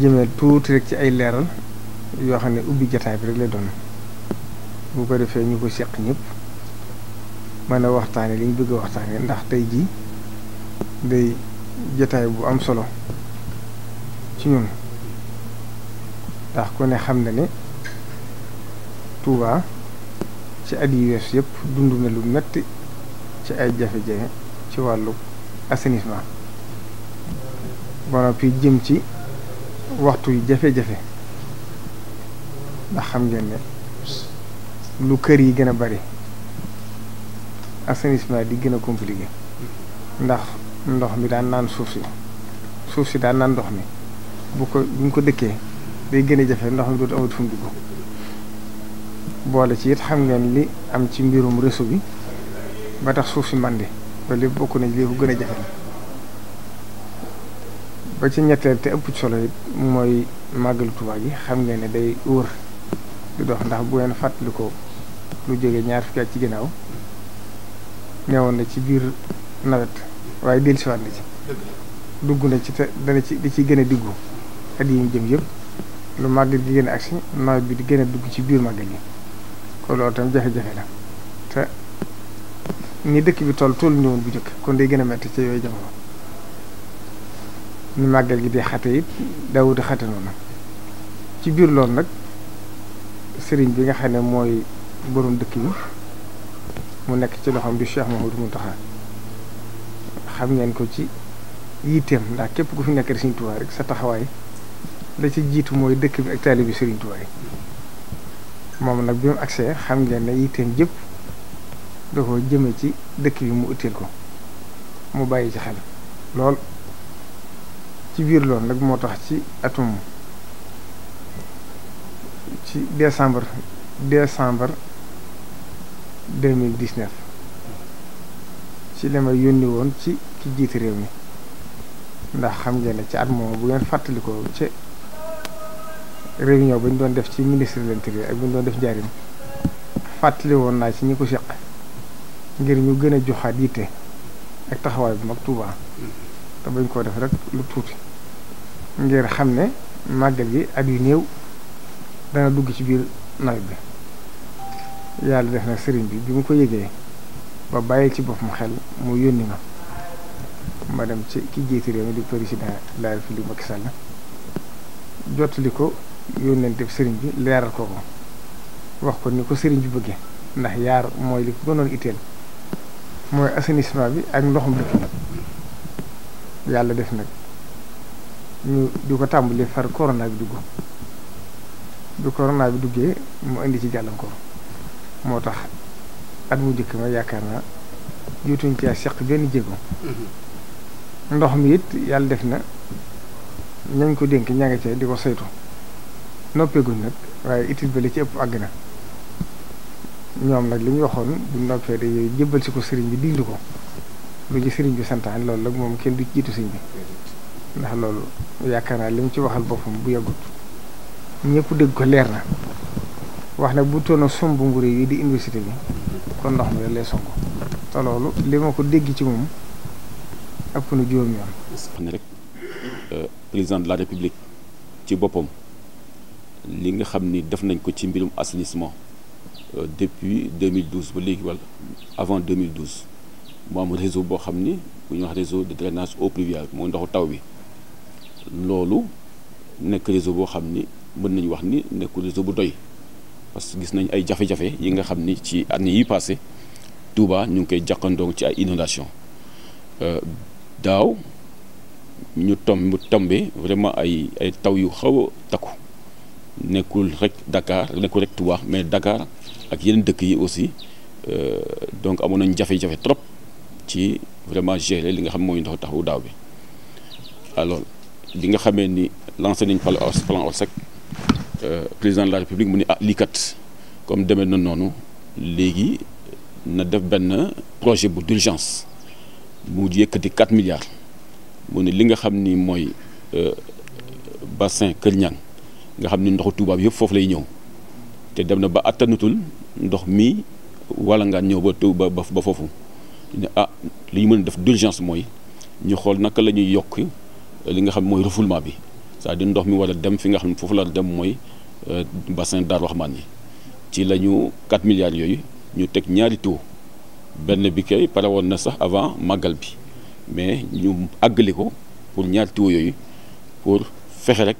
jëmee tuuti rek ci ay leeral yoo xam ne ubbi jataay bi rek lay doon bu ko defee ñu ko seq ñëpp mën a waxtaane li ñu bëgg a waxtaane ndax tey jii day jataay bu am solo ci ñun ndax ku ne xam na ne Touba ci at yu wees yëpp dundu na lu metti ci ay jafe-jafe ci wàllu assainissement ba noppi jëm ci waxtu yu jafe-jafe ndax xam ngeen ne lu kër yi gën a bari assainissement di gën a compliqué ndax ndox mi daan naan suuf si suuf si daan naan ndox mi bu ko bu ko dëkkee day gën a jafe ndox mi dootu amut fu dugg boole ci it xam ngeen li am ci mbirum réseau bi ba tax suuf si màndi loolu lépp bokk nañ li ko gën a jafe ba ci ñetteel te ëpp solo it mooy màggalu Tuubaa yi xam ngeen ne day wër di dox ndax bu ngeen fàttali ko lu jóge ñaar fukki at ci ginnaaw ñëwoon na ci biir nawet waaye dellusiwaat na ci dugg na ci te dana ci di ci gën a diggu at ñu jëm yëpp lu màggal gi gën a agsi nawet bi di gën a dugg ci biir màggal yi kon loolu tam jafe-jafe la te ni dëkk bi toll toll ñu woon bu jëkk kon day gën a métti yooyu jamono ni màggal gi di xate it daawuti xate noonu ci biir lool nag sëriñ bi nga xam ne mooy borom dëkk bi mu nekk ci loxoom bi Cheikh mu taxa xam ngeen ko ci yitteem ndax képp ku fi nekk Sëriñ Tuubaa rek sa taxawaay la ci jiitu mooy dëkk bi ak bi Sëriñ moom nag bi mu agsee xam ngeen ne yitteem jëpp da ko jëme ci dëkk bi mu itteel ko mu bàyyi ci xel lool ci biir lool nag moo tax ci atum ci décembre décembre deux mille dix neuf ci la ma yónni woon ci ki jiite réew mi ndax xam ngeen ne ci at moom bu ngeen fàttalikoo ca réunion ba ñu doon def ci ministre de l'intérieur ak bu ñu doon def njaarim fàttali woon naa ci ñu ko seq ngir ñu gën a joxaat yitte ak taxawaay bu mag Tuubaa mm-hmm. te bañ koo def rek lu tuuti. ngir xam ne màggal gi ak yu néew dana dugg ci biir nawet bi yàlla def na sëriñ bi bi mu ko yëgee ba bàyyi ci boppam xel mu yónni ma ma dem ci ki jiite réew mi di président de la République Macky Sall jottali ko yónneen def sëriñ bi leeral ko ko wax ko ni ko sëriñ bi bëggee ndax yaar mooy li ko gënoon itteel mooy assainissement bi ak ndoxum dëkk yàlla def nag ñu di ko tàmbali far korona bi dugg bu korona bi duggee mu indi ci jàllankoor moo tax at mu njëkk ma yaakaar naa jotuñ ci seq benn jéego mm-hmm. ndox mi it yàlla def na ñañ ko dénk ña nga ca di ko saytu noppeeguñ nag waaye itil ba la ci ëpp àgg na ñoom nag li ñu waxoon bu noppee da yooyu si ko sëriñ bi diglu ko lu ci sëriñ bi santaan loolu nag moom kenn du jiitu sëriñ bi ndax loolu yaakaar naa li mu ci waxal boppam bu yàggut ñépp dégg ko leer na wax ne bu toona sumb mburu yi di université bi kon ndox mi lay song te loolu li ma ko dégg ci moom ëpp na juróom yoon wax euh, président de la république ci boppam li nga xam ni def nañ ko ci mbirum assainissement euh, depuis 2012 ba léegi wala avant 2012 mu am réseau boo xam ni bu ñuy wax réseau de drainage eau pluviale moo ndoxu taw bi loolu nekk réseau boo xam ni mën nañu wax ni nekk réseau bu doy parce que gis nañ ay jafe-jafe yi nga xam ni ci année yi passé Touba ñu ngi koy jàqandoo ci ay inondation euh, daaw ñu tomb tombé vraiment ay ay taw yu xaw a takku nekkul rek Dakar nekkul rek Touba mais Dakar ak yeneen dëkk yi aussi euh, donc amoon nañ jafe-jafe trop ci vraiment gérer li nga xam mooy ndox taxu daaw bi alors li nga xamee ni lancé nañ plan ORSEC euh, président de la république mu ni ah lii kat comme demee na noonu léegi na def benn projet bu d'urgence mu yëkkati 4 milliards mu ne li nga xam ni mooy euh, bassin Kër Niang nga xam ni ndoxu tubaab bi yëpp foofu lay ñëw te dem na ba attanutul ndox mi wala ngaa ñëw ba Touba ba foofu ne ah li ñu mën a def d'urgence mooy ñu xool naka la ñuy yokk. li nga xam mooy refoulement bi saa à ndox mi war a dem fi nga xam ne foofu la dem mooy euh, bassin Darou Rahmane yi ci la ñu 4 milliards yooyu ñu teg ñaari tuyau benn bi kay pare woon na sax avant màggal bi mais ñu àggali ko pour ñaari tuyau yooyu pour fexe rek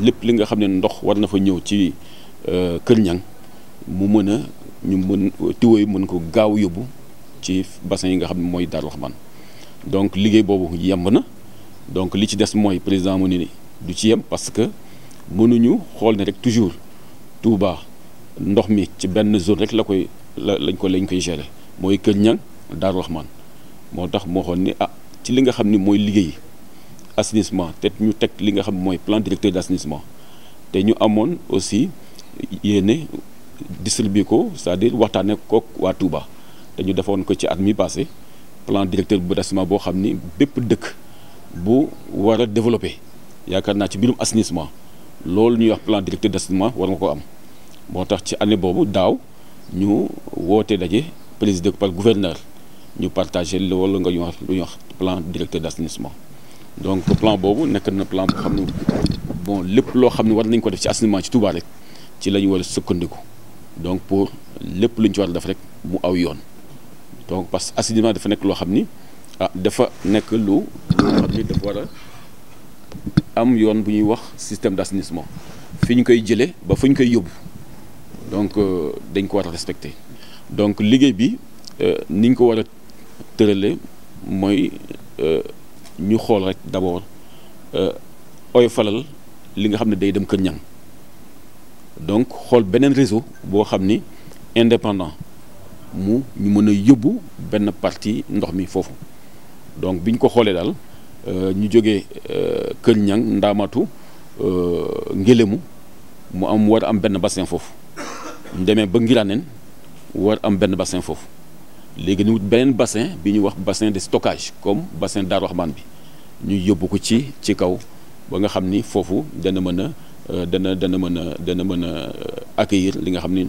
lépp li nga xam ne ndox war na fa ñëw ci euh, Kër Ñang mu mën a ñu mën yi mën ko gaaw yóbbu ci bassin yi nga xam ne mooy Darou Rahmane donc liggéey boobu yemb na. donc li ci des mooy président mu ni du ci yem parce que ñu xool ne rek toujours Touba ndox mi ci benn zone rek la koy la lañ ko lañ koy gérer mooy Kër daar wax Rahman moo tax moo xoon ni ah ci li nga xam ni mooy liggéey assainissement te ñu teg li nga xam mooy plan directeur d'assainissement te ñu amoon aussi yéene distribuer ko c'est-à-dire waxtaane kook waa Touba dañu defoon ko ci at mi passé plan directeur bu d'assainissement boo xam ni bépp dëkk bu war a développé yaakaar naa ci mbirum assainissement loolu ñuy wax plan directeur d'assainissement war nga ko am moo tax ci année boobu daaw ñu woote daje présidé par gouverneur ñu partagé loolu nga ñu wax lu ñuy wax plan directeur d'assainissement donc plan boobu nekk na plan boo xam ne bon lépp loo xam ne war nañ ko def ci assainissement ci Touba rek ci la ñu war a sukkandiku donc pour lépp lu ñu ci war def rek mu aw yoon donc parce que assainissement dafa nekk loo xam ni ah dafa nekk lu loo xam ni dafa war am yoon bu ñuy wax système d'assainissement fi ñu koy jëlee ba fu ñu koy yóbbu donc euh, dañ ko war a donc liggéey bi euh, ni ñu ko war a tërale mooy euh, ñu xool rek d'abord oyo falal li nga xam ne day dem Kër Ñang donc xool beneen réseau boo xam ni indépendant mu ñu mën a yóbbu benn partie ndox mi foofu donc bi ñu ko xoolee daal euh, ñu jógee euh, Kër Ñang Ndaamatu euh, Ngélemu mu am war am benn bassin foofu ñu demee ba Ngiraneen war am benn bassin foofu léegi ñu wut beneen bassin bi ñu wax bassin de stockage comme bassin Daaru Rahman bi ñu yóbbu ko ci ci kaw ba nga xam ni foofu dana mën a dana dana mën a dana mën a accueillir li nga xam ni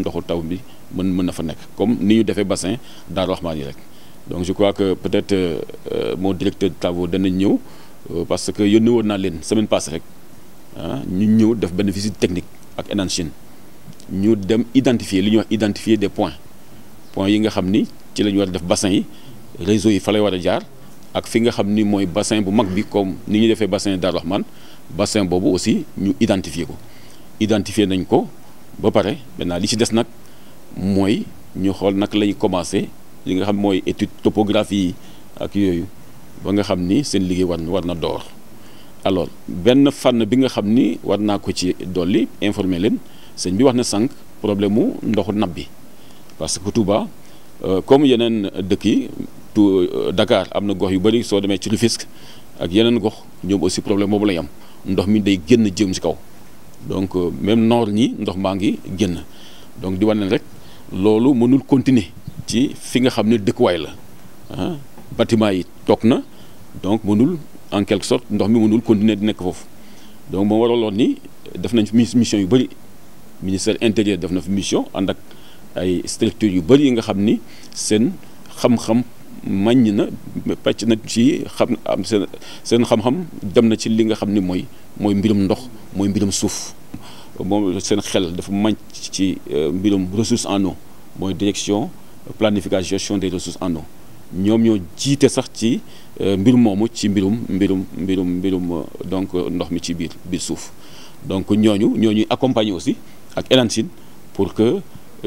ndoxu taw bi mën mën na fa nekk comme ni ñu defee bassin Daaru Rahman yi rek donc je crois que peut-être euh, euh, mon directeur de travaux dana ñëw euh, parce que yónni woon naa leen semaine passée rek ah ñu ñëw def benn visite technique ak Enan Chine ñu dem identifier li ñuy wax identifier des points point yi nga xam ni ci la ñu war def bassin yi réseau yi fa lay war a jaar ak fi nga xam ni mooy bassin bu mag bi comme ni ñuy defee bassin Darou Rahman bassin boobu aussi ñu identifier ko identifier nañ ko ba pare maintenant li ci des nag mooy ñu xool nag lañu commencé. li nga xam mooy étude topographie yi ak yooyu ba nga xam ni seen liggéey war na war na door alors benn fànn bi nga xam ni war naa ko ci dolli informer leen sëñ bi wax na sànq problème mu ndoxu nab bi parce que Touba euh, comme yeneen dëkk yi tu euh, Dakar am na gox yu bëri soo demee ci Rufisque ak yeneen gox ñoom aussi problème boobu lay am ndox mi day génn jëm ci kaw donc euh, même noor nii ndox maa ngi génn donc di war wane rek loolu mënul continuer ci fi nga xam ne dëkkuwaay la ah bâtiment yi toog na donc mënul en quelque sorte ndox mi mënul continuer di nekk foofu donc moo waraloon ni def nañ fi mission yu bëri ministère intérieur def na fi mission ànd ak ay structures yu bëri yi nga xam ni seen xam-xam màññ na pàcc na ci xam am seen seen xam-xam dem na ci li nga xam ni mooy mooy mbirum ndox mooy mbiram suuf moom seen xel dafa màññ ci euh, mbiram ressource en eau mooy direction planification gestion des ressources en eau ñoom ñoo jiite sax ci euh, mbir moomu ci mbirum mbirum mbirum mbirum euh, donc euh, ndox mi ci biir biir suuf donc ñooñu ñooñuy accompagner aussi ak Elansin pour que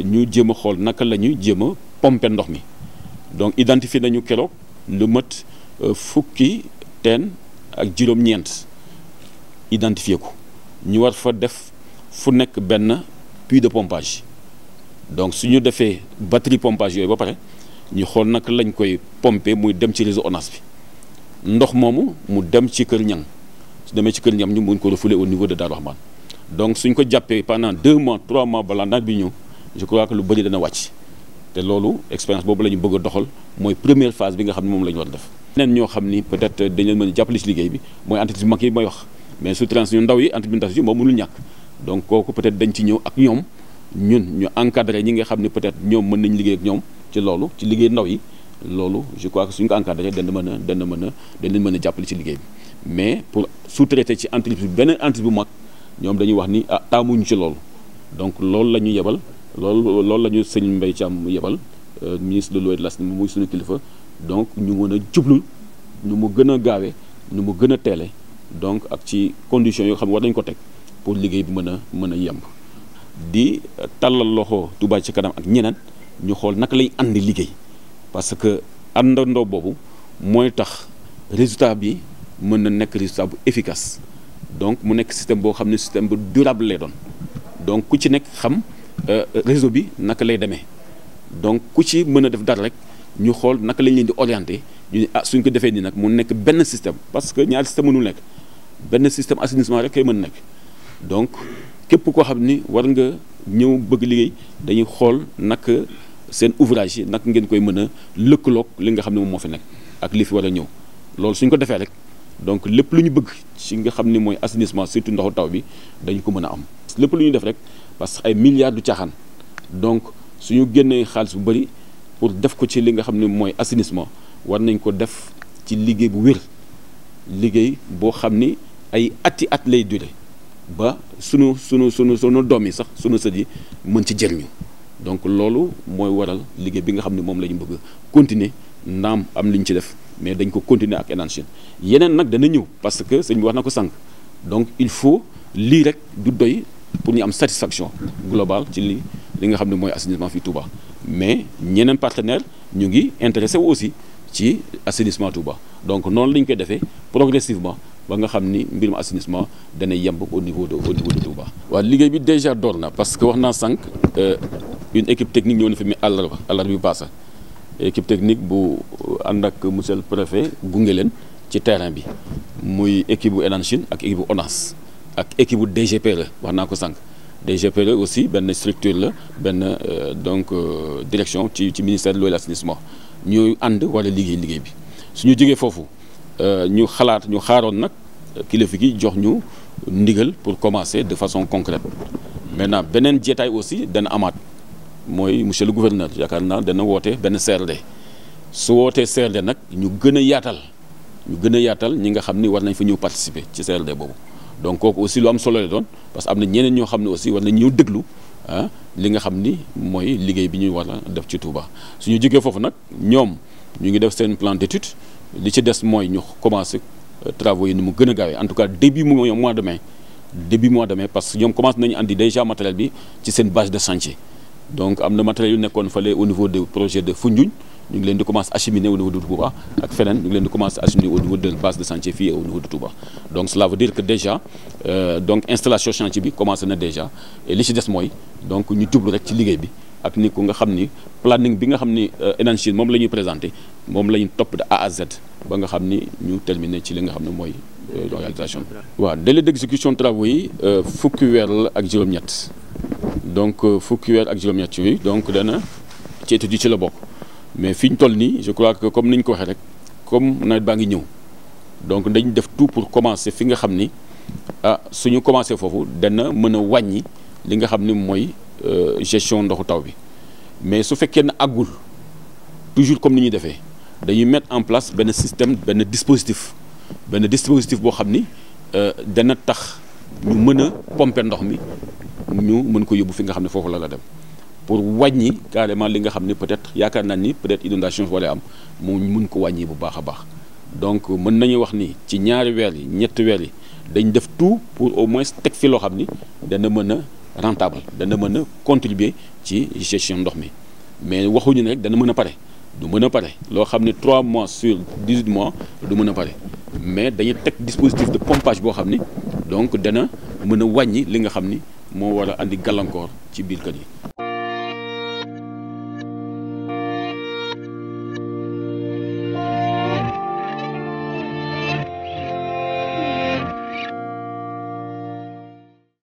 ñu jéem a xool naka la ñuy jéem a pomper ndox mi donc identifier nañu keroog lu mat fukki teen ak juróom-ñeent identifier ko ñu war fa def fu nekk benn puits de pompage donc su ñu defee batterie pompage yooyu ba pare ñu xool naka lañ koy pomper muy dem ci réseau ONAS bi ndox moomu mu dem ci kër ñang su demee ci kër ñang ñu mun ko refouler au niveau de Darou Rahmane donc suñ ko jàppee pendant deux mois trois mois balaa naaj bi ñëw je crois que lu bëri dana wàcc te loolu expérience boobu la ñu bëgg a doxal mooy première phase bi nga xam ne moom lañu ñu war def. neen ñoo xam ni peut-être dañu leen mën jàppale ci liggéey bi mooy entreprise mag yi may wax mais sous-traitance yi entreprise ñu ñàkk donc kooku peut-être dañ ci ñëw ak ñoom. ñun ñu encadré ñi nga xam ne peut-être ñoom mën nañ liggéey ak ñoom ci loolu ci liggéey ndaw yi loolu je crois que suñu ko encadré dana mën a dana mën a danañ mën a jàppale ci liggéey bi mais pour sous-traiter ci entreprise beneen entreprise bu mag ñoom dañuy wax ni ah taamuñu ci loolu donc loolu la ñu yebal loolu loolu la ñu sëñ Mbaye Thiam yebal euh, ministre de l'eau et de l'assainissement muy suñu kilifa donc ñu mën a jublu ñu mu gën a gaawee ñu mu gën a teele donc ak ci conditions yoo xam ne war nañu ko teg pour liggéey bi mën a mën a yemb di tàllal loxo Touba ci kanam ak ñeneen ñu xool naka lañ ànd liggéey parce que àndandoo boobu mooy tax résultat bi mën na nekk résultat bu efficace donc mu nekk système boo xam ne système bu durable lay doon donc ku ci nekk xam euh, réseau bi naka lay demee donc ku ci mën a def dara rek ñu xool naka lañ leen di orienté ñu ne ah suñ ko defee nii nag mu nekk benn système parce que ñaari système mënul nekk benn système assainissement rek kay mën nekk donc képp koo xam ni war nga ñëw bëgg liggéey dañuy xool nag seen ouvrage yi nag ngeen koy mën a lëkkaloog li nga xam ne moom moo fi nekk ak li fi war a ñëw loolu suñ ko defee rek donc lépp lu ñu bëgg ci nga xam ni mooy assainissement surtout ndoxu taw bi dañ ko mën a am. lépp lu ñu def rek parce que ay milliards du caaxaan donc suñu génnee xaalis bu bëri pour def ko ci li nga xam ne mooy assainissement war nañ ko def ci liggéey bu wér liggéey boo xam ni ay ati at lay duré. ba sunu sunu sunu sunu doom yi sax sunu sët yi mën ci jëriñu donc loolu mooy waral liggéey bi nga xam ne moom la ñu bëgg continuer naam am li ñu ci def mais dañ ko continuer ak Enan Chine yeneen nag dana ñëw parce que sëñ bi wax na ko sànq donc il faut lii rek du doy pour ñu am satisfaction globale ci li li nga xam ne mooy assainissement fii Touba mais ñeneen partenaires ñu ngi intéressé wu aussi ci assainissement Touba donc noonu la ñu koy defee progressivement ba nga xam ni mbirum assainissement dana yemb au niveau de au niveau de Touba. waaw liggéey bi déjà door na parce que wax naa sànq euh, une équipe technique ñëw na fi mi àllarba àllarba bi paasa équipe technique bu ànd ak monsieur le préfet gunge leen ci terrain bi muy équipe bu Enan ak équipe bu ONAS ak équipe bu la wax naa ko sànq. DGPRE aussi benn structure la benn euh, donc euh, direction ci ci ministère de l'eau et ñooy ànd wala liggéey liggéey bi suñu jógee foofu. Euh, ñu xalaat ñu xaaroon nag kilifa gi jox ñu ndigal pour commencer de façon concrète maintenant beneen jeetaay aussi dana amaat mooy monsieur le gouverneur yaakaar naa dana woote benn CRD su wootee CRD nag ñu gën a yaatal ñu gën a yaatal ñi nga xam ni war nañ fa ñëw participer ci CRD boobu donc kooku aussi lu am solo la doon parce que am na ñeneen ñoo xam ne aussi war nañ ñëw déglu ah li nga xam ni mooy liggéey bi ñuy war a def ci Touba suñu jógee foofu nag ñoom ñu ngi def seen plan d'étude li ci des mooy ñu commencé travaux yi ni mu gën a gaawee en tout cas début mois de mai début mois de mai parce que ñoom commencé nañu andi déjà matériel bi ci seen bâche de chantier donc am na matériel yu nekkoon fale au niveau du projet de Foundiougne ñu ngi leen di commencé acheminer au niveau de Touba ak feneen ñu ngi leen di commencé acheminer au niveau de base de chantier fii au niveau de Touba donc cela veut dire que déjà euh, donc installation chantier bi commencé na déjà li ci des mooy donc ñu jublu rek ci liggéey bi ak ni ku nga xam ni planning bi nga xam ni Enanche euh, moom la ñuy présenté moom la ñu topp de A à Z ba nga xam ni ñu terminé ci li nga xam ne mooy euh, réalisation bi waaw délai d' exécution travaux yi euh, fukki weer la ak juróom donc fukki weer ak juróom-ñett donc dana ci étude ci la bokk mais fi ñu toll nii je crois que comme ni ñu ko waxee comme nawet baa ngi ñëw donc dañ def tout pour commencer fi nga xam ni ah suñu commencé foofu dana mën a wàññi li nga xam ni mooy Euh, gestion ndoxu taw bi mais su fekkee ne agul toujours comme ni ñuy defee dañuy mettre en place benn système benn dispositif benn dispositif boo xam ni euh, dana tax ñu mën a pomper ndox mi ñu mën ko yóbbu fi nga xam ne foofu la la dem pour wàññi carrément li nga xam ne peut-être yaakaar naa ni peut-être inondation wala am mu mën ko wàññi bu baax a baax donc mën nañu wax ni ci ñaari weer yi ñetti weer yi dañ def tout pour au moins teg fi loo xam ni rentable dana mën a contribuer ci gestion ndox mi mais waxuñu ne rek dana mën a pare du mën a pare loo xam ne trois mois sur 18 mois du mën a pare mais dañu teg dispositif de pompage boo xam ni donc dana mën a wàññi li nga xam ni moo war a indi gàllankoor ci biir kër yi.